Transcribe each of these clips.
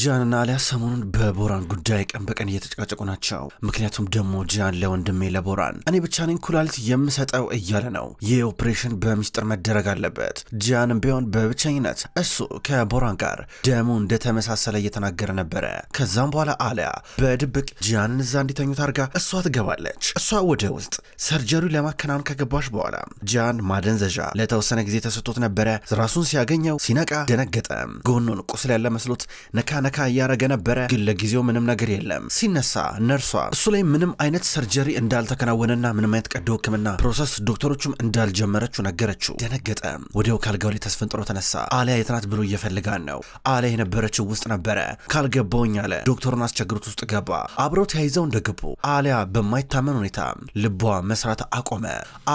ጃንና አሊያ ሰሞኑን በቦራን ጉዳይ ቀን በቀን እየተጨቃጨቁ ናቸው። ምክንያቱም ደግሞ ጃን ለወንድሜ ለቦራን እኔ ብቻ ነኝ ኩላሊት የምሰጠው እያለ ነው። ይህ ኦፕሬሽን በሚስጥር መደረግ አለበት። ጃንም ቢሆን በብቸኝነት እሱ ከቦራን ጋር ደሙ እንደተመሳሰለ እየተናገረ ነበረ። ከዛም በኋላ አሊያ በድብቅ ጃንን እዛ እንዲተኙ ታርጋ እሷ ትገባለች። እሷ ወደ ውስጥ ሰርጀሪ ለማከናወን ከገባች በኋላ ጃን ማደንዘዣ ለተወሰነ ጊዜ ተሰጥቶት ነበረ። ራሱን ሲያገኘው ሲነቃ ደነገጠ። ጎኑን ቁስል ያለ መስሎት ነካ ነካ እያረገ ነበረ፣ ግን ለጊዜው ምንም ነገር የለም። ሲነሳ ነርሷ እሱ ላይ ምንም አይነት ሰርጀሪ እንዳልተከናወነና ምንም አይነት ቀዶ ህክምና ፕሮሰስ ዶክተሮቹም እንዳልጀመረችው ነገረችው። ደነገጠ። ወዲያው ካልጋው ላይ ተስፈንጥሮ ተነሳ። አሊያ የት ናት ብሎ እየፈልጋን ነው። አሊያ የነበረችው ውስጥ ነበረ። ካልገባውኝ አለ። ዶክተሩን አስቸግሮት ውስጥ ገባ። አብረው ተያይዘው እንደገቡ አሊያ በማይታመን ሁኔታ ልቧ መስራት አቆመ።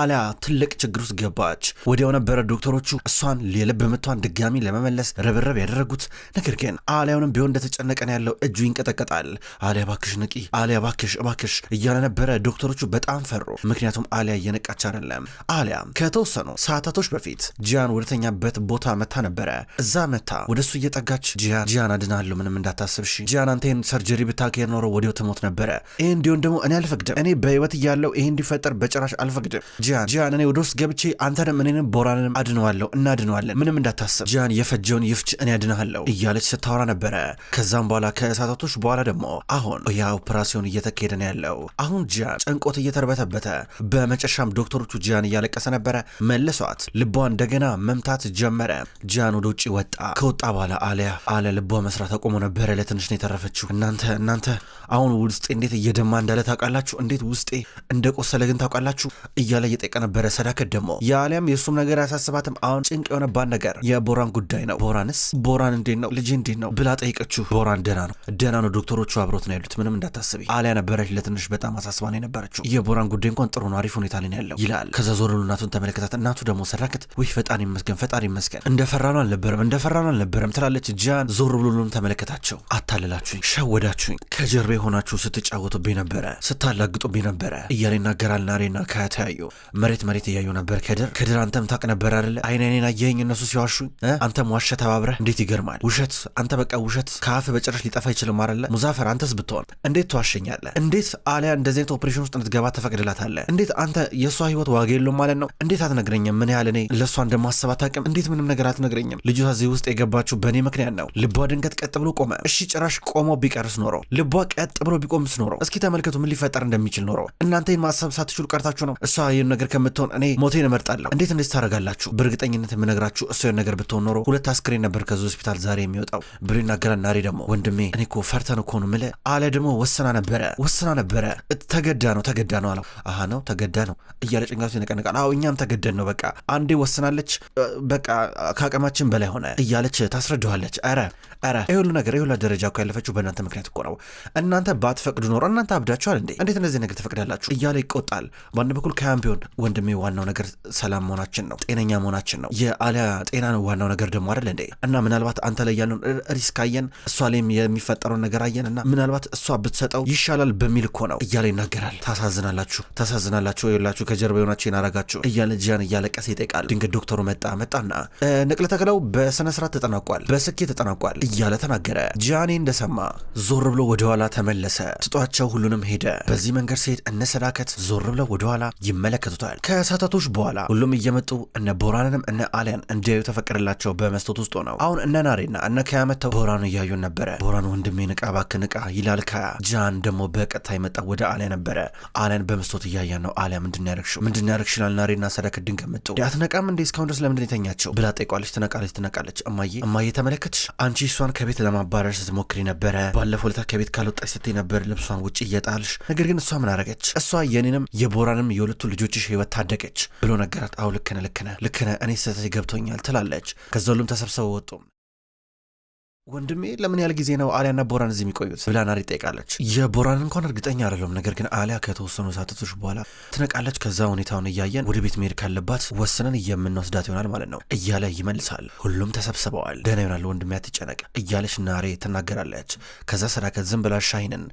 አሊያ ትልቅ ችግር ውስጥ ገባች። ወዲያው ነበረ ዶክተሮቹ እሷን የልብ ምቷን ድጋሚ ለመመለስ ርብርብ ያደረጉት። ነገር ግን አሊያውንም ቢሆን እንደተጨነቀ ነው ያለው። እጁ ይንቀጠቀጣል። አሊያ ባክሽ ንቂ፣ አሊያ ባክሽ እባክሽ እያለ ነበረ። ዶክተሮቹ በጣም ፈሩ። ምክንያቱም አሊያ እየነቃች አይደለም። አሊያ ከተወሰኑ ሰዓታቶች በፊት ጂያን ወደተኛበት ቦታ መታ ነበረ። እዛ መታ ወደሱ እየጠጋች ጂያን፣ ጂያን አድናለሁ፣ ምንም እንዳታስብ ጂያን አንተ ሰርጀሪ ብታካሄድ ኖሮ ወዲያው ትሞት ነበረ። ይህ እንዲሆን ደግሞ እኔ አልፈቅድም። እኔ በህይወት እያለው ይህ እንዲፈጠር በጭራሽ አልፈቅድም። ጂያን፣ ጂያን እኔ ወደ ውስጥ ገብቼ አንተንም እኔንም ቦራንንም አድነዋለሁ፣ እናድነዋለን። ምንም እንዳታስብ ጂያን፣ የፈጀውን ይፍች፣ እኔ አድናሃለሁ እያለች ስታወራ ነበረ። ከዛም በኋላ ከእሳታቶች በኋላ ደግሞ አሁን ያ ኦፕራሲዮን እየተካሄደ ነው ያለው። አሁን ጂያን ጭንቆት እየተርበተበተ፣ በመጨረሻም ዶክተሮቹ ጂያን እያለቀሰ ነበረ። መለሷት። ልቧ እንደገና መምታት ጀመረ። ጂያን ወደ ውጭ ወጣ። ከወጣ በኋላ አሊያ አለ ልቧ መስራት አቆሞ ነበረ። ለትንሽ ነው የተረፈችው። እናንተ እናንተ አሁን ውስጤ እንዴት እየደማ እንዳለ ታውቃላችሁ? እንዴት ውስጤ እንደቆሰለ ግን ታውቃላችሁ? እያለ እየጠየቀ ነበረ። ሰዳከት ደግሞ የአሊያም የእሱም ነገር አያሳስባትም። አሁን ጭንቅ የሆነባት ነገር የቦራን ጉዳይ ነው። ቦራንስ ቦራን እንዴት ነው ልጅ እንዴት ነው ብላ ጠይቀችው። ቦራን ደህና ነው ደህና ነው፣ ዶክተሮቹ አብሮት ነው ያሉት፣ ምንም እንዳታስቢ አሊያ ነበረች። ለትንሽ በጣም አሳስባ ነው የነበረችው የቦራን ጉዳይ እንኳን ጥሩ ነው፣ አሪፍ ሁኔታ ላይ ነው ያለው ይላል። ከዛ ዞር ብሎ እናቱን ተመለከታት። እናቱ ደግሞ ሰራከት፣ ውይ ፈጣን ይመስገን፣ ፈጣን ይመስገን፣ እንደፈራ ነው አልነበረም፣ እንደፈራ ነው አልነበረም ትላለች። ጃን ዞር ብሎ ሉም ተመለከታቸው። አታለላችሁኝ፣ ሸወዳችሁኝ፣ ከጀርባ የሆናችሁ ስትጫወቱብኝ ነበረ፣ ስታላግጡብኝ ነበረ እያለ ይናገራል። ናሬና ካያ ተያዩ። መሬት መሬት እያዩ ነበር። ከድር ከድር፣ አንተም ታቅ ነበር አይደለ? አይን አይኔን አየኸኝ እነሱ ሲዋሹኝ፣ አንተም ዋሸ ተባብረህ፣ እንዴት ይገርማል ውሸት! አንተ በቃ ውሸት ውሸት ከአፍ በጭራሽ ሊጠፋ አይችልም አለ ሙዛፈር። አንተስ ብትሆን እንዴት ተዋሸኛለ? እንዴት አሊያ እንደዚህ አይነት ኦፕሬሽን ውስጥ እንድትገባ ተፈቅድላታለህ? እንዴት አንተ የእሷ ህይወት ዋጋ የለውም ማለት ነው? እንዴት አትነግረኝም? ምን ያህል እኔ ለእሷ እንደማሰብ አታውቅም? እንዴት ምንም ነገር አትነግረኝም? ልጅቷ እዚህ ውስጥ የገባችው በእኔ ምክንያት ነው። ልቧ ድንገት ቀጥ ብሎ ቆመ። እሺ ጭራሽ ቆሞ ቢቀርስ ኖረው ልቧ ቀጥ ብሎ ቢቆምስ ኖረው እስኪ ተመልከቱ ምን ሊፈጠር እንደሚችል ኖረው እናንተ ማሰብ ሳትችሉ ቀርታችሁ ነው። እሷ ይህን ነገር ከምትሆን እኔ ሞቴን እመርጣለሁ። እንዴት እንደዚህ ታደርጋላችሁ? በእርግጠኝነት የምነግራችሁ እሷ ነገር ብትሆን ኖሮ ሁለት አስክሬን ነበር ከዚህ ሆስፒታል ዛሬ የሚወጣው ብሎ ይናገራል። ናሬ ደግሞ ወንድሜ እኔ እኮ ፈርተን እኮ ነው ምለ አለ። ደግሞ ወስና ነበረ ወስና ነበረ ተገዳ ነው ተገዳ ነው አለው። አሀ ነው ተገዳ ነው እያለ ጭንቅላቱ ይነቀንቃል። አዎ እኛም ተገደን ነው በቃ አንዴ ወስናለች በቃ ከአቅማችን በላይ ሆነ እያለች ታስረዳዋለች። ረ ረ ይህ ሁሉ ነገር ይሁላ ደረጃ እኮ ያለፈችው በእናንተ ምክንያት እኮ ነው። እናንተ ባትፈቅዱ ኖሮ እናንተ አብዳችኋል እንዴ እንዴት እነዚህ ነገር ትፈቅዳላችሁ? እያለ ይቆጣል። በአንድ በኩል ከያም ቢሆን ወንድሜ ዋናው ነገር ሰላም መሆናችን ነው ጤነኛ መሆናችን ነው። የአሊያ ጤና ነው ዋናው ነገር ደግሞ አደለ እንዴ እና ምናልባት አንተ ላይ ያለውን ሪስክ አየህ አየን፣ እሷ ላይም የሚፈጠረውን ነገር አየን እና ምናልባት እሷ ብትሰጠው ይሻላል በሚል እኮ ነው እያለ ይናገራል። ታሳዝናላችሁ፣ ታሳዝናላችሁ ወላችሁ ከጀርባ የሆናችሁ ይናረጋችሁ እያለ ጂያን እያለቀሰ ይጠይቃል። ድንገት ዶክተሩ መጣ መጣና ንቅለ ተክለው በስነ ስርዓት ተጠናቋል፣ በስኬት ተጠናቋል እያለ ተናገረ። ጂያኔ እንደሰማ ዞር ብሎ ወደኋላ ተመለሰ። ትጧቸው ሁሉንም ሄደ። በዚህ መንገድ ሲሄድ እነ ሰዳከት ዞር ብለው ወደኋላ ይመለከቱታል። ከሰዓታቶች በኋላ ሁሉም እየመጡ እነ ቦራንንም እነ አሊያን እንዲያዩ ተፈቀደላቸው። በመስቶት ውስጥ ሆነው አሁን እነ ናሬና እነ ከያመተው ቦራኑ እያዩን ነበረ። ቦራን ወንድሜ ንቃ እባክህ ንቃ ይላል። ጃን ደግሞ በቀጥታ የመጣ ወደ አሊያ ነበረ። አሊያን በመስቶት እያያን ነው። አሊያ ምንድን ያረግሽው ምንድን ያረግሽ ይላል። ናሬና ሰደክ ድንገት መጡ። አትነቃም እንዴ እስካሁን ድረስ ለምንድን የተኛቸው ብላ ጠይቋለች። ትነቃለች ትነቃለች። እማዬ እማዬ ተመለከትሽ፣ አንቺ እሷን ከቤት ለማባረር ስትሞክሪ ነበረ። ባለፈው ለታ ከቤት ካልወጣች ስትይ ነበር ልብሷን ውጭ እየጣልሽ። ነገር ግን እሷ ምን አረገች? እሷ የኔንም የቦራንም የሁለቱ ልጆችሽ ህይወት ታደገች ብሎ ነገራት። አሁ ልክነ ልክነ ልክነ እኔ ስህተት ገብቶኛል ትላለች። ከዛ ሁሉም ተሰብስበው ወጡም ወንድሜ ለምን ያህል ጊዜ ነው አሊያና ቦራን እዚህ የሚቆዩት ብላ ናሪ ጠይቃለች። የቦራን እንኳን እርግጠኛ አይደለም፣ ነገር ግን አሊያ ከተወሰኑ ሰዓታቶች በኋላ ትነቃለች። ከዛ ሁኔታውን እያየን ወደ ቤት መሄድ ካለባት ወስነን የምንወስዳት ይሆናል ማለት ነው እያለ ይመልሳል። ሁሉም ተሰብስበዋል። ደህና ይሆናል ወንድሜ አትጨነቅ እያለች ናሬ ትናገራለች። ከዛ ሰዳከት ዝም ብላ ሻሂንን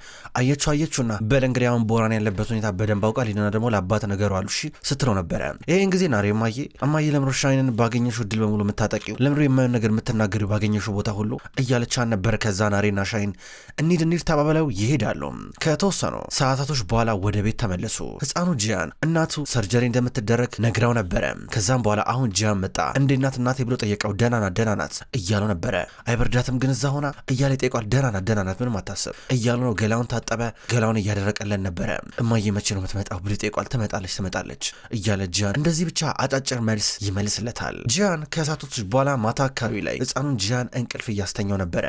አየችው አየችውና በል እንግዲህ አሁን ቦራን ያለበት ሁኔታ በደንብ አውቃ ሊና ደግሞ ለአባት ነገሩ አሉ እሺ ስትለው ነበረ። ይህን ጊዜ ናሬ እማዬ እማዬ ለምሮ ሻሂንን ባገኘሽው እድል በሙሉ የምታጠቂው ለምሮ የማየውን ነገር የምትናገሪው ባገኘሽው ቦታ ሁሉ እያለቻን ነበር። ከዛ ናሬና ሻይን እኒድ እኒድ ተባብለው ይሄዳሉ። ከተወሰኑ ሰዓታቶች በኋላ ወደ ቤት ተመለሱ። ህፃኑ ጂያን እናቱ ሰርጀሪ እንደምትደረግ ነግረው ነበረ። ከዛም በኋላ አሁን ጂያን መጣ። እንዴ እናት እናቴ ብሎ ጠየቀው። ደናናት ደናናት እያለው ነበረ። አይበርዳትም ግን እዛ ሆና እያለ ይጠይቋል። ደናናት ደናናት ምንም አታስብ እያሉ ነው። ገላውን ታጠበ። ገላውን እያደረቀለን ነበረ። እማዬ መቼ ነው የምትመጣው ብሎ ይጠይቋል። ትመጣለች ትመጣለች እያለ ጂያን እንደዚህ ብቻ አጫጭር መልስ ይመልስለታል። ጂያን ከሰዓታቶች በኋላ ማታ አካባቢ ላይ ህፃኑን ጂያን እንቅልፍ እያስተኛው ተኝቶ ነበረ።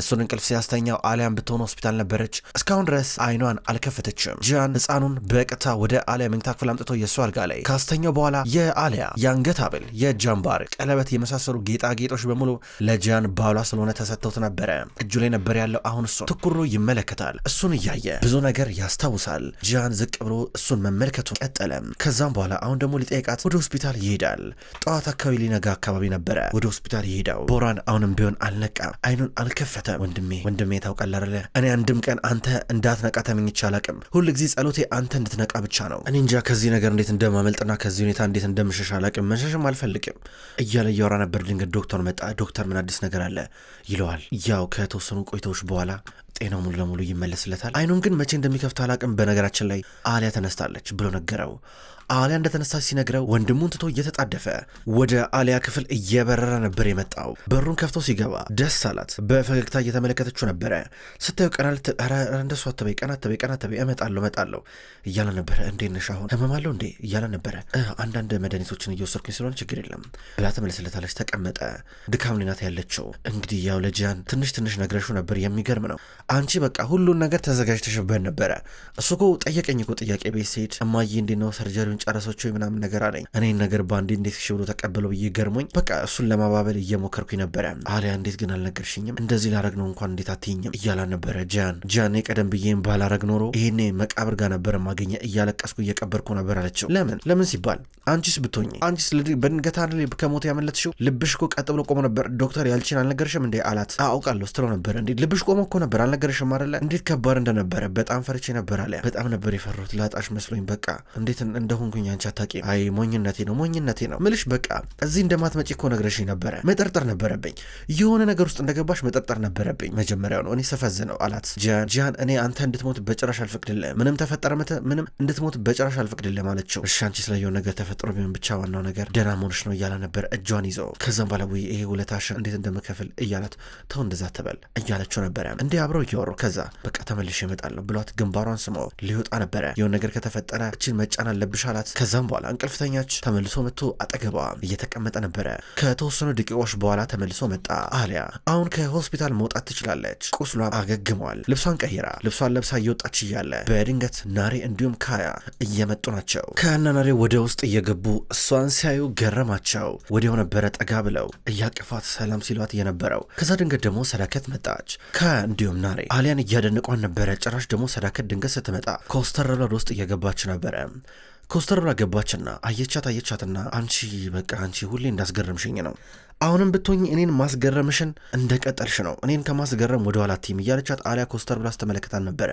እሱን እንቅልፍ ሲያስተኛው አሊያም ብትሆን ሆስፒታል ነበረች። እስካሁን ድረስ አይኗን አልከፈተችም። ጂያን ህፃኑን በቀጥታ ወደ አሊያ መኝታ ክፍል አምጥቶ የእሱ አልጋ ላይ ካስተኛው በኋላ የአሊያ የአንገት ሀብል የእጅ አምባር፣ ቀለበት የመሳሰሉ ጌጣጌጦች በሙሉ ለጂያን ባሏ ስለሆነ ተሰጥተውት ነበረ። እጁ ላይ ነበር ያለው። አሁን እሱን ትኩር ይመለከታል። እሱን እያየ ብዙ ነገር ያስታውሳል። ጂያን ዝቅ ብሎ እሱን መመልከቱን ቀጠለ። ከዛም በኋላ አሁን ደግሞ ሊጠይቃት ወደ ሆስፒታል ይሄዳል። ጠዋት አካባቢ ሊነጋ አካባቢ ነበረ ወደ ሆስፒታል ይሄዳው። ቦራን አሁንም ቢሆን አልነቃም። አይኑን አልከፈተም። ወንድሜ ወንድሜ ታውቃለህ አይደለ እኔ አንድም ቀን አንተ እንዳትነቃ ተመኝቼ አላቅም። ሁል ጊዜ ጸሎቴ አንተ እንድትነቃ ብቻ ነው። እኔ እንጃ ከዚህ ነገር እንዴት እንደማመልጥና ከዚህ ሁኔታ እንዴት እንደምሸሽ አላቅም። መሸሽም አልፈልግም እያለ እያወራ ነበር። ድንገት ዶክተር መጣ። ዶክተር ምን አዲስ ነገር አለ ይለዋል። ያው ከተወሰኑ ቆይታዎች በኋላ ጤናው ሙሉ ለሙሉ ይመለስለታል። አይኑን ግን መቼ እንደሚከፍት አላቅም። በነገራችን ላይ አሊያ ተነስታለች ብሎ ነገረው። አሊያ እንደተነሳች ሲነግረው ወንድሙን ትቶ እየተጣደፈ ወደ አሊያ ክፍል እየበረረ ነበር የመጣው። በሩን ከፍቶ ሲገባ ደስ አላት። በፈገግታ እየተመለከተችው ነበረ። ስታዩ ቀና እንደሱ አትበይ፣ ቀና አትበይ፣ ቀና አትበይ፣ እመጣለሁ እመጣለሁ እያለ ነበረ። እንዴት ነሽ አሁን ህመማለሁ እንዴ እያለ ነበረ። አንዳንድ መድኃኒቶችን እየወሰድኩኝ ስለሆነ ችግር የለም ብላ ተመለስለታለች። ተቀመጠ። ድካም ሊናት ያለችው እንግዲህ ያው ለጂያን ትንሽ ትንሽ ነግረሹ ነበር። የሚገርም ነው አንቺ በቃ ሁሉን ነገር ተዘጋጅተሽበት ነበረ። እሱ እኮ ጠየቀኝ እኮ ጥያቄ ቤት ስሄድ እማዬ እንዴት ነው ሰርጀሪውን ወይ ምናምን ነገር አለኝ። እኔን ነገር በአንዴ እንዴት ሽ ብሎ ተቀበለው ብዬ ገርሞኝ በቃ እሱን ለማባበል እየሞከርኩኝ ነበረ። አሊያ እንዴት ግን አልነገርሽኝም? እንደዚህ ላረግ ነው እንኳን እንዴት አትይኝም እያላ ነበረ። ጃን ጃኔ ቀደም ብዬም ባላረግ ኖሮ ይሄኔ መቃብር ጋር ነበረ ማገኘ እያለቀስኩ እየቀበርኩ ነበር አለችው። ለምን ለምን ሲባል አንቺስ ብትሆኝ አንቺስ በድንገት ከሞት ያመለጥሽው ልብሽ እኮ ቀጥ ብሎ ቆሞ ነበር። ዶክተር ያልችን አልነገርሽም እንዴ አላት። አውቃለሁ ስትለው ነበረ እንዴ ልብሽ ቆሞ እኮ ነበር አልነገ አልተናገረሽም አይደለ? እንዴት ከባድ እንደነበረ በጣም ፈርቼ ነበር አለ። በጣም ነበር የፈራሁት ላጣሽ መስሎኝ በቃ እንዴት እንደሆንኩኝ አንቺ አታውቂም። አይ ሞኝነቴ ነው ሞኝነቴ ነው ምልሽ በቃ እዚህ እንደማትመጪ እኮ ነግረሽኝ ነበረ። መጠርጠር ነበረብኝ የሆነ ነገር ውስጥ እንደገባሽ መጠርጠር ነበረብኝ መጀመሪያው ነው እኔ ስፈዝ ነው አላት። ጂያን ጂያን እኔ አንተ እንድትሞት በጭራሽ አልፈቅድልህ፣ ምንም ተፈጠረ መተ ምንም እንድትሞት በጭራሽ አልፈቅድልህ ማለችው። እሺ አንቺ ስለየው ነገር ተፈጥሮ ቢሆን ብቻ ዋናው ነገር ደህና መሆንሽ ነው እያለ ነበር እጇን ይዘው። ከዛም ባለዊ ይሄ ውለታሽ እንዴት እንደምከፍል እያላት ተው እንደዛ ትበል እያለችው ነበረ እንዲህ አብረው እያወሩ እያወሩ ከዛ በቃ ተመልሼ እመጣለሁ ብሏት ግንባሯን ስሞ ሊወጣ ነበረ። የሆነ ነገር ከተፈጠረ እችን መጫን አለብሽ አላት። ከዛም በኋላ እንቅልፍተኛች ተመልሶ መጥቶ አጠገቧ እየተቀመጠ ነበረ። ከተወሰኑ ደቂቃዎች በኋላ ተመልሶ መጣ። አሊያ አሁን ከሆስፒታል መውጣት ትችላለች፣ ቁስሏ አገግሟል። ልብሷን ቀይራ ልብሷን ለብሳ እየወጣች እያለ በድንገት ናሬ እንዲሁም ካያ እየመጡ ናቸው። ካያና ናሬ ወደ ውስጥ እየገቡ እሷን ሲያዩ ገረማቸው። ወዲያው ነበረ ጠጋ ብለው እያቀፋት ሰላም ሲሏት የነበረው። ከዛ ድንገት ደግሞ ሰዳከት መጣች። ካያ እንዲሁም ዛሬ አሊያን እያደነቋን ነበረ። ጭራሽ ደግሞ ሰዳከት ድንገት ስትመጣ ኮስተር ብላ ውስጥ እየገባች ነበረ። ኮስተር ብላ ገባችና አየቻት። አየቻትና አንቺ በቃ አንቺ ሁሌ እንዳስገረምሽኝ ነው አሁንም ብትሆኝ እኔን ማስገረምሽን እንደ ቀጠልሽ ነው። እኔን ከማስገረም ወደ ኋላ ቲም እያለቻት አሊያ ኮስተር ብላ ስትመለከታት ነበረ።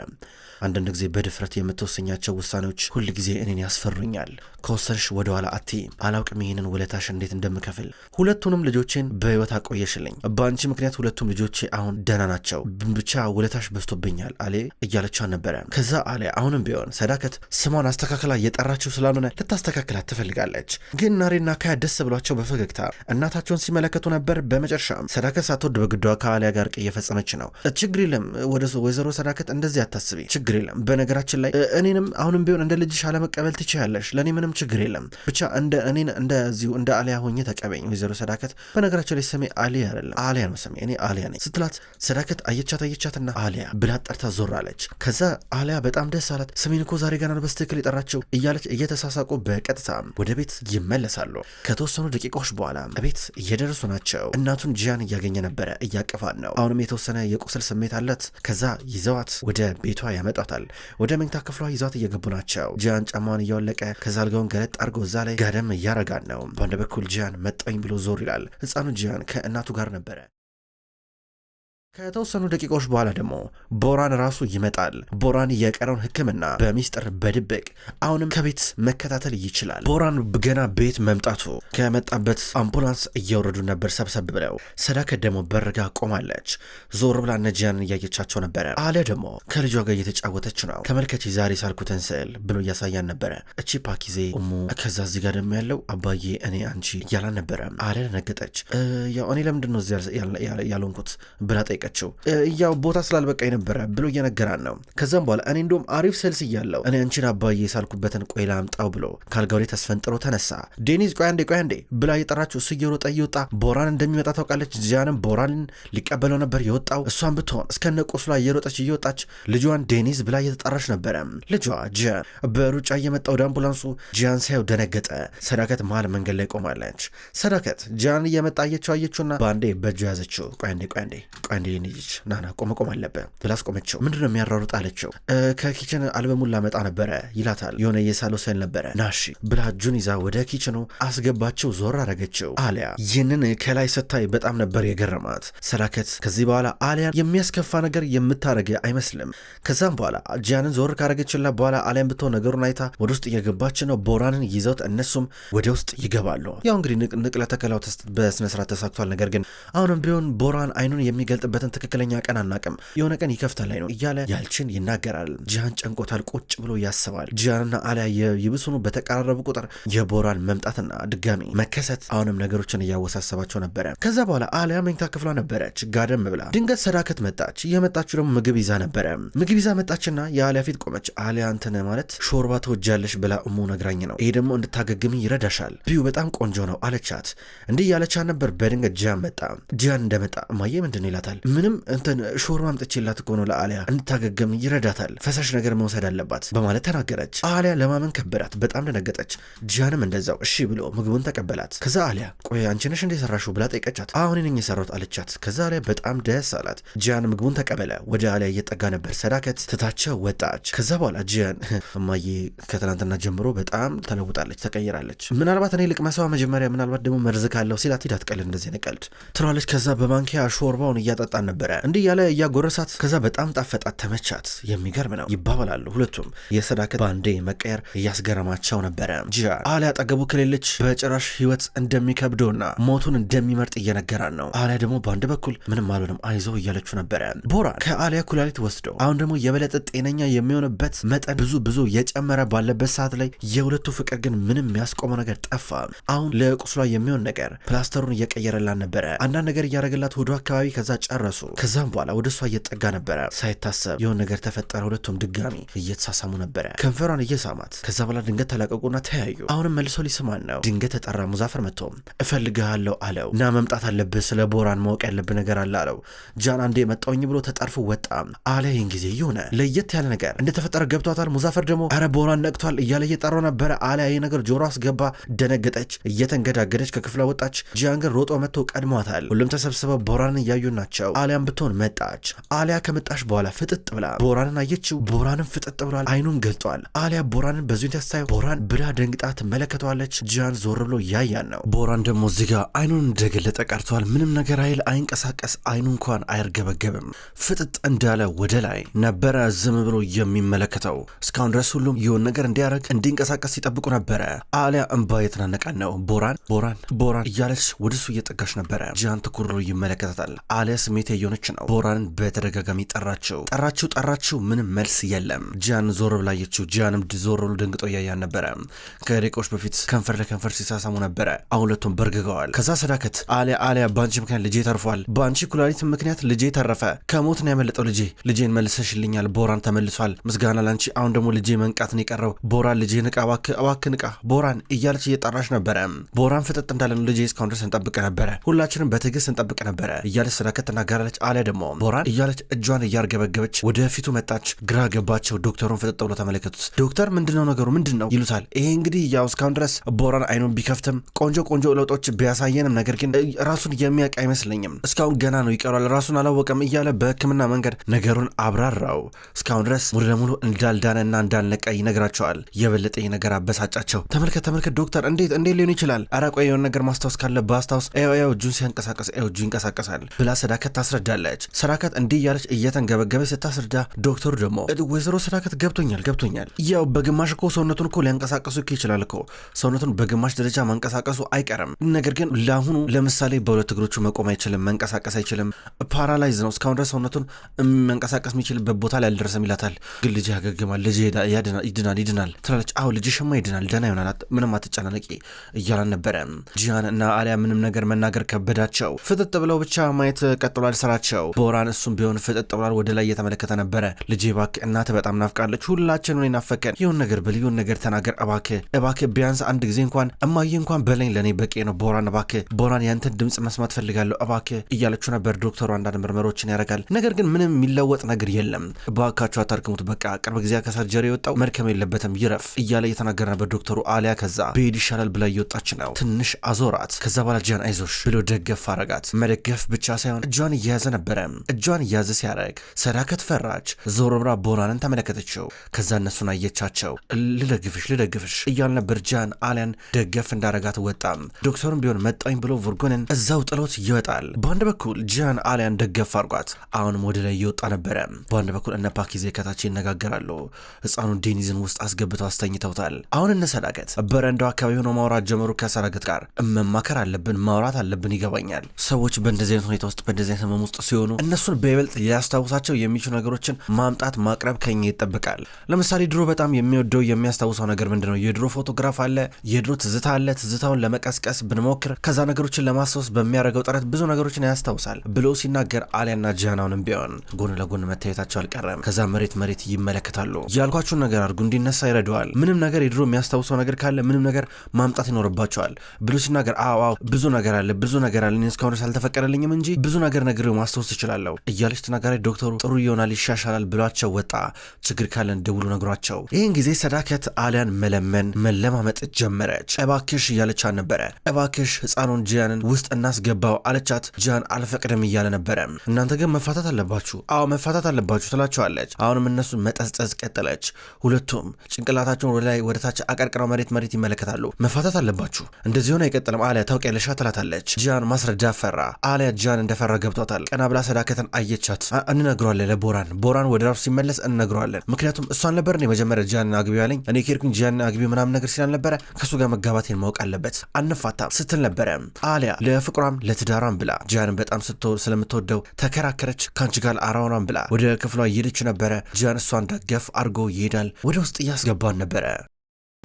አንዳንድ ጊዜ በድፍረት የምትወሰኛቸው ውሳኔዎች ሁል ጊዜ እኔን ያስፈሩኛል። ከወሰንሽ ወደ ኋላ አቲ አላውቅም ይህንን ውለታሽ እንዴት እንደምከፍል። ሁለቱንም ልጆቼን በህይወት አቆየሽልኝ። በአንቺ ምክንያት ሁለቱም ልጆቼ አሁን ደህና ናቸው። ብቻ ውለታሽ በዝቶብኛል አሌ እያለቻ ነበረ። ከዛ አሌ አሁንም ቢሆን ሰዳከት ስሟን አስተካክላ እየጠራችው ስላልሆነ ልታስተካክላት ትፈልጋለች። ግን ናሬና ካያ ደስ ብሏቸው በፈገግታ እናታቸውን ሲመ ሲመለከቱ ነበር። በመጨረሻም ሰዳከት ሳትወድ በግዷ ከአሊያ ጋር እየፈጸመች ነው። ችግር የለም ወደ ወይዘሮ ሰዳከት እንደዚህ አታስቢ፣ ችግር የለም በነገራችን ላይ እኔንም አሁንም ቢሆን እንደ ልጅሽ አለመቀበል ትችያለሽ። ለእኔ ምንም ችግር የለም ብቻ እንደ እኔን እንደዚሁ እንደ አሊያ ሆኜ ተቀበኝ ወይዘሮ ሰዳከት። በነገራችን ላይ ስሜ አሊያ አይደለም አሊያ ነው ስሜ፣ እኔ አሊያ ነኝ ስትላት ሰዳከት አየቻት አየቻትና አሊያ ብላ ጠርታ ዞራለች። ከዛ አሊያ በጣም ደስ አላት። ስሜን እኮ ዛሬ ገና ነው በስትክክል የጠራችው እያለች እየተሳሳቁ በቀጥታ ወደ ቤት ይመለሳሉ። ከተወሰኑ ደቂቃዎች በኋላ ቤት እየደ የደረሱ ናቸው። እናቱን ጂያን እያገኘ ነበረ፣ እያቀፋን ነው። አሁንም የተወሰነ የቁስል ስሜት አላት። ከዛ ይዘዋት ወደ ቤቷ ያመጣታል። ወደ መኝታ ክፍሏ ይዘዋት እየገቡ ናቸው። ጂያን ጫማዋን እያወለቀ ከዛ አልጋውን ገለጥ አድርጎ እዛ ላይ ጋደም እያረጋን ነው። በአንድ በኩል ጂያን መጣኝ ብሎ ዞር ይላል። ህፃኑ ጂያን ከእናቱ ጋር ነበረ። ከተወሰኑ ደቂቃዎች በኋላ ደግሞ ቦራን ራሱ ይመጣል። ቦራን የቀረውን ሕክምና በሚስጥር በድብቅ አሁንም ከቤት መከታተል ይችላል። ቦራን ገና ቤት መምጣቱ ከመጣበት አምቡላንስ እየወረዱ ነበር ሰብሰብ ብለው። ሰዳከት ደግሞ በርጋ ቆማለች። ዞር ብላ ነጂያንን እያየቻቸው ነበረ። አሊያ ደግሞ ከልጇ ጋር እየተጫወተች ነው። ተመልከች ዛሬ ሳልኩትን ስዕል ብሎ እያሳያን ነበረ። እቺ ፓኪዜ ሙ ከዛ እዚህ ጋር ደግሞ ያለው አባዬ፣ እኔ አንቺ እያላን ነበረ። አሊያ ደነገጠች። ያው እኔ ለምንድን ነው እዚያ ያልሆንኩት ብላ ጠይቀ ጠየቀችው። ያው ቦታ ስላልበቃኝ ነበረ ብሎ እየነገራን ነው። ከዛም በኋላ እኔ እንደውም አሪፍ ስልስ እያለው እኔ አንቺን አባዬ የሳልኩበትን ቆይላ አምጣው ብሎ ካልጋው ላይ ተስፈንጥሮ ተነሳ። ዴኒዝ ቆይ አንዴ ቆይ አንዴ ብላ የጠራችው እሱ እየሮጠ እየወጣ ቦራን እንደሚመጣ ታውቃለች። ዚያንም ቦራንን ሊቀበለው ነበር የወጣው። እሷን ብትሆን እስከነ ቁስሏ እየሮጠች እየወጣች ልጇን ዴኒዝ ብላ እየተጠራች ነበረ። ልጇ ጂያን በሩጫ እየመጣ ወደ አምቡላንሱ ጂያን ሳየው ደነገጠ። ሰዳከት መሀል መንገድ ላይ ቆማለች። ሰዳከት ጂያን እየመጣ አየችው። አየችውና በአንዴ በእጁ ያዘችው። ቆይ አንዴ ቆይ አንዴ ቆይ አንዴ ይህን ልጅ ናና ቆመ ቆም አለብህ ብላ አስቆመችው። ምንድን ነው የሚያራሩጥ አለችው። ከኪችን አልበሙን ላመጣ ነበረ ይላታል። የሆነ የሳሎ ሳይል ነበረ ናሺ ብላ እጁን ይዛ ወደ ኪችኑ አስገባቸው። ዞር አረገችው። አሊያ ይህንን ከላይ ስታይ በጣም ነበር የገረማት። ሰላከት ከዚህ በኋላ አሊያን የሚያስከፋ ነገር የምታደርግ አይመስልም። ከዛም በኋላ ጂያንን ዞር ካረገችላ በኋላ አሊያን ብትሆን ነገሩን አይታ ወደ ውስጥ እየገባች ነው። ቦራንን ይዘውት እነሱም ወደ ውስጥ ይገባሉ። ያው እንግዲህ ንቅለ ተከላው በስነስርዓት ተሳክቷል። ነገር ግን አሁንም ቢሆን ቦራን አይኑን የሚገልጥበት የሚከፍትበትን ትክክለኛ ቀን አናቅም፣ የሆነ ቀን ይከፍታል ላይ ነው እያለ ያልችን ይናገራል። ጂሃን ጨንቆታል፣ ቁጭ ብሎ ያስባል። ጂሃንና አሊያ የይብሱኑ በተቀራረቡ ቁጥር የቦራን መምጣትና ድጋሚ መከሰት አሁንም ነገሮችን እያወሳሰባቸው ነበረ። ከዛ በኋላ አሊያ መኝታ ክፍሏ ነበረች ጋደም ብላ። ድንገት ሰዳከት መጣች። የመጣች ደግሞ ምግብ ይዛ ነበረ። ምግብ ይዛ መጣችና የአሊያ ፊት ቆመች። አሊያ እንትን ማለት ሾርባ ተወጃለሽ ብላ እሙ ነግራኝ ነው፣ ይሄ ደግሞ እንድታገግሚ ይረዳሻል፣ ቢዩ በጣም ቆንጆ ነው አለቻት። እንዲህ ያለቻ ነበር። በድንገት ጂያን መጣ። ጂያን እንደመጣ እማዬ ምንድን ይላታል። ምንም እንትን ሾርባ አምጥቼላት እኮ ነው ለአሊያ እንድታገገም ይረዳታል፣ ፈሳሽ ነገር መውሰድ አለባት በማለት ተናገረች። አሊያ ለማመን ከበዳት፣ በጣም ደነገጠች። ጃንም እንደዛው እሺ ብሎ ምግቡን ተቀበላት። ከዛ አሊያ ቆይ አንቺ ነሽ እንደ የሰራሽው ብላ ጠይቀቻት። አሁን ነኝ የሰራሁት አለቻት። ከዛ አሊያ በጣም ደስ አላት። ጃን ምግቡን ተቀበለ። ወደ አሊያ እየጠጋ ነበር። ሰዳከት ትታቸው ወጣች። ከዛ በኋላ ጃን እማዬ ከትናንትና ጀምሮ በጣም ተለውጣለች፣ ተቀይራለች። ምናልባት እኔ ልቅመሰዋ መጀመሪያ፣ ምናልባት ደግሞ መርዝ ካለው ሲላት ሂዳት ቀልድ እንደዚህ ነቀልድ ትሏለች። ከዛ በማንኪያ ሾርባውን እያጠጣ እያጣጣን ነበረ። እንዲህ ያለ እያጎረሳት ከዛ በጣም ጣፈጣት፣ ተመቻት። የሚገርም ነው ይባባላሉ። ሁለቱም የሰዳከት ባንዴ መቀየር እያስገረማቸው ነበረ። ጂያ አሊያ አጠገቡ ከሌለች በጭራሽ ህይወት እንደሚከብደውና ሞቱን እንደሚመርጥ እየነገራን ነው። አሊያ ደግሞ በአንድ በኩል ምንም አልሆንም አይዘው እያለችው ነበረ። ቦራን ከአሊያ ኩላሊት ወስዶ አሁን ደግሞ የበለጠ ጤነኛ የሚሆንበት መጠን ብዙ ብዙ የጨመረ ባለበት ሰዓት ላይ የሁለቱ ፍቅር ግን ምንም የሚያስቆመው ነገር ጠፋ። አሁን ለቁስሏ የሚሆን ነገር ፕላስተሩን እየቀየረላን ነበረ። አንዳንድ ነገር እያደረገላት ሆዶ አካባቢ ከዛ ጨራ ደረሱ። ከዛም በኋላ ወደ እሷ እየጠጋ ነበረ። ሳይታሰብ የሆን ነገር ተፈጠረ። ሁለቱም ድጋሚ እየተሳሳሙ ነበረ፣ ከንፈሯን እየሳማት። ከዛ በኋላ ድንገት ተላቀቁና ተያዩ። አሁንም መልሶ ሊስማን ነው። ድንገት ተጠራ። ሙዛፈር መጥቶም እፈልግሃለሁ አለው እና መምጣት አለብህ፣ ስለ ቦራን ማወቅ ያለብህ ነገር አለ አለው። ጃን አንዴ የመጣውኝ ብሎ ተጠርፎ ወጣ አለ። ይህን ጊዜ የሆነ ለየት ያለ ነገር እንደተፈጠረ ገብቷታል። ሙዛፈር ደግሞ አረ ቦራን ነቅቷል እያለ እየጠራው ነበረ። አለ ይህ ነገር ጆሮ አስገባ። ደነገጠች፣ እየተንገዳገደች ከክፍላ ወጣች። ጃን ግን ሮጦ መጥቶ ቀድሟታል። ሁሉም ተሰብስበው ቦራንን እያዩ ናቸው። አሊያም ብትሆን መጣች። አሊያ ከመጣች በኋላ ፍጥጥ ብላ ቦራንን አየችው። ቦራንን ፍጥጥ ብሏል፣ አይኑን ገልጧል። አሊያ ቦራንን በዙኝታ ተሳይ ቦራን ብላ ደንግጣ ትመለከተዋለች። ጂያን ዞር ብሎ ያያን ነው። ቦራን ደግሞ እዚጋ አይኑን እንደገለጠ ቀርቷል። ምንም ነገር አይል፣ አይንቀሳቀስ፣ አይኑ እንኳን አይርገበገብም። ፍጥጥ እንዳለ ወደ ላይ ነበረ ዝም ብሎ የሚመለከተው። እስካሁን ድረስ ሁሉም ይሁን ነገር እንዲያደርግ እንዲንቀሳቀስ ሲጠብቁ ነበረ። አሊያ እንባ የተናነቃን ነው። ቦራን ቦራን ቦራን እያለች ወደሱ እየጠጋች ነበረ። ጂያን ትኩር ብሎ ይመለከታታል። አሊያ ስሜት ሴት የሆነች ነው። ቦራንን በተደጋጋሚ ጠራችው ጠራችው ጠራችው፣ ምንም መልስ የለም። ጂያን ዞር ብላየችው። ጂያንም ዞር ብሎ ደንግጦ እያያን ነበረ። ከደቂቃዎች በፊት ከንፈር ለከንፈር ሲሳሳሙ ነበረ። አሁን ሁለቱም በርግገዋል። ከዛ ሰዳከት አሊያ አሊያ፣ በአንቺ ምክንያት ልጄ ተርፏል። በአንቺ ኩላሊት ምክንያት ልጄ ተረፈ። ከሞት ነው ያመለጠው ልጄ። ልጄን መልሰሽልኛል። ቦራን ተመልሷል። ምስጋና ላንቺ። አሁን ደግሞ ልጄ መንቃት ነው የቀረው። ቦራን ልጄ ንቃ፣ እባክህ እባክህ ንቃ ቦራን እያለች እየጠራች ነበረ። ቦራን ፍጥጥ እንዳለ ነው ልጄ። እስካሁን ድረስ እንጠብቅ ነበረ፣ ሁላችንም በትዕግስት እንጠብቅ ነበረ እያለች ሰዳከት ተናገረ ትናገራለች አለ ደግሞ ቦራን እያለች እጇን እያርገበገበች ወደፊቱ መጣች። ግራ ገባቸው። ዶክተሩን ፍጥጥ ብሎ ተመለከቱት። ዶክተር ምንድነው ነገሩ ምንድን ነው ይሉታል። ይሄ እንግዲህ ያው እስካሁን ድረስ ቦራን አይኑን ቢከፍትም ቆንጆ ቆንጆ ለውጦች ቢያሳየንም ነገር ግን ራሱን የሚያውቅ አይመስለኝም እስካሁን ገና ነው ይቀሯል፣ ራሱን አላወቀም እያለ በህክምና መንገድ ነገሩን አብራራው። እስካሁን ድረስ ሙሉ ለሙሉ እንዳልዳነ እና እንዳልነቀ ይነግራቸዋል። የበለጠ ነገር አበሳጫቸው። ተመልከት ተመልከት ዶክተር እንዴት እንዴት ሊሆን ይችላል? አራቆ የሆነ ነገር ማስታወስ ካለ በአስታወስ ው እጁን ሲያንቀሳቀስ እጁ ይንቀሳቀሳል ብላ ሰዳከት ታስረዳለች። ስራከት እንዲህ እያለች እየተንገበገበች ስታስረዳ፣ ዶክተሩ ደግሞ ወይዘሮ ሰራከት ገብቶኛል ገብቶኛል፣ ያው በግማሽ እኮ ሰውነቱን እኮ ሊያንቀሳቀሱ እኮ ይችላል እኮ ሰውነቱን በግማሽ ደረጃ ማንቀሳቀሱ አይቀርም። ነገር ግን ለአሁኑ ለምሳሌ በሁለት እግሮቹ መቆም አይችልም፣ መንቀሳቀስ አይችልም፣ ፓራላይዝ ነው። እስካሁን ድረስ ሰውነቱን መንቀሳቀስ የሚችልበት ቦታ ላይ አልደረሰም ይላታል። ግን ልጅ ያገግማል፣ ልጅ ይድናል ይድናል ትላለች። ልጅ ልጅሽማ ይድናል፣ ደና ይሆናል፣ ምንም አትጨናነቂ እያላን ነበረ። ጂያን እና አሊያ ምንም ነገር መናገር ከበዳቸው። ፍጥጥ ብለው ብቻ ማየት ቀጥሏል። ብሏል ስራቸው። ቦራን እሱም ቢሆን ፍጥጥ ብሏል። ወደ ላይ እየተመለከተ ነበረ። ልጄ እባክህ እናትህ በጣም ናፍቃለች፣ ሁላችንን ናፈቀን። ይሁን ነገር ብል ይሁን ነገር ተናገር እባክህ፣ እባክህ ቢያንስ አንድ ጊዜ እንኳን እማዬ እንኳን በለኝ፣ ለእኔ በቂ ነው። ቦራን እባክህ፣ ቦራን ያንተን ድምፅ መስማት ፈልጋለሁ እባክህ እያለችው ነበር። ዶክተሩ አንዳንድ ምርመሮችን ያደርጋል። ነገር ግን ምንም የሚለወጥ ነገር የለም። እባካችሁ አታርክሙት፣ በቃ ቅርብ ጊዜ ከሰርጀሪ የወጣው መድከም የለበትም ይረፍ እያለ እየተናገረ ነበር ዶክተሩ። አሊያ ከዛ ብሄድ ይሻላል ብላ እየወጣች ነው። ትንሽ አዞራት። ከዛ በኋላ ጃን አይዞሽ ብሎ ደገፍ አረጋት። መደገፍ ብቻ ሳይሆን እጇን እየያዘ ነበረ። እጇን እያዘ ሲያረግ ሰዳከት ፈራች። ዞሮ ብራ ቦራንን ተመለከተችው። ከዛ እነሱን አየቻቸው። ልደግፍሽ ልደግፍሽ እያል ነበር። ጃን አሊያን ደገፍ እንዳረጋት ወጣም። ዶክተሩም ቢሆን መጣኝ ብሎ ቮርጎንን እዛው ጥሎት ይወጣል። በአንድ በኩል ጃን አሊያን ደገፍ አርጓት አሁንም ወደ ላይ እየወጣ ነበረ። በአንድ በኩል እነ ፓኪዜ ከታች ይነጋገራሉ። ህፃኑን ዴኒዝን ውስጥ አስገብተው አስተኝተውታል። አሁን እነ ሰዳከት በረንዳው አካባቢ ሆነው ማውራት ጀመሩ። ከሰዳከት ጋር መማከር አለብን፣ ማውራት አለብን፣ ይገባኛል። ሰዎች በእንደዚህ አይነት ሁኔታ ውስጥ በእንደዚህ ህመም ውስጥ ሲሆኑ እነሱን በይበልጥ ሊያስታውሳቸው የሚችሉ ነገሮችን ማምጣት ማቅረብ ከኛ ይጠበቃል። ለምሳሌ ድሮ በጣም የሚወደው የሚያስታውሰው ነገር ምንድን ነው? የድሮ ፎቶግራፍ አለ፣ የድሮ ትዝታ አለ። ትዝታውን ለመቀስቀስ ብንሞክር ከዛ ነገሮችን ለማስታወስ በሚያደርገው ጥረት ብዙ ነገሮችን ያስታውሳል ብሎ ሲናገር አሊያና ጃናውንም ቢሆን ጎን ለጎን መታየታቸው አልቀረም። ከዛ መሬት መሬት ይመለከታሉ። ያልኳችሁን ነገር አድርጉ እንዲነሳ ይረዳዋል። ምንም ነገር የድሮ የሚያስታውሰው ነገር ካለ ምንም ነገር ማምጣት ይኖርባቸዋል ብሎ ሲናገር አዎ ብዙ ነገር አለ ብዙ ነገር አለ እስካሁን አልተፈቀደልኝም እንጂ ብዙ ነገር ነግሬው ማስታወስ ትችላለሁ እያለች ተናጋሪ ዶክተሩ ጥሩ ይሆናል ይሻሻላል ብሏቸው ወጣ። ችግር ካለን ደውሉ ነግሯቸው። ይህን ጊዜ ሰዳከት አሊያን መለመን መለማመጥ ጀመረች። እባክሽ እያለቻት ነበረ። እባክሽ ህፃኑን ጂያንን ውስጥ እናስገባው አለቻት። ጂያን አልፈቅድም እያለ ነበረ። እናንተ ግን መፋታት አለባችሁ፣ አዎ መፋታት አለባችሁ ትላቸዋለች። አሁንም እነሱ መጠዝጠዝ ቀጠለች። ሁለቱም ጭንቅላታቸውን ወደ ላይ ወደ ታች አቀርቅረው መሬት መሬት ይመለከታሉ። መፋታት አለባችሁ፣ እንደዚህ ሆነ አይቀጥልም አሊያ ታውቂያለሽ ትላታለች። ጂያን ማስረዳ ፈራ። አሊያ ጂያን እንደፈራ ገብቷ ነግረውታል። ቀና ብላ ሰዳከተን አየቻት። እንነግረዋለን ለቦራን ቦራን ወደ ራሱ ሲመለስ እንነግረዋለን። ምክንያቱም እሷን ነበር የመጀመሪያ ጃን አግቢ ያለኝ እኔ ኬርኩኝ ጃን አግቢ ምናምን ነገር ነበረ። ከእሱ ጋር መጋባቴን ማወቅ አለበት አንፋታም ስትል ነበረ። አሊያ ለፍቅሯም ለትዳሯም ብላ ጃን በጣም ስለምትወደው ተከራከረች። ከአንቺ ጋር አራውራም ብላ ወደ ክፍሏ እየሄደች ነበረ። ጃን እሷን ደገፍ አድርጎ ይሄዳል። ወደ ውስጥ እያስገባን ነበረ።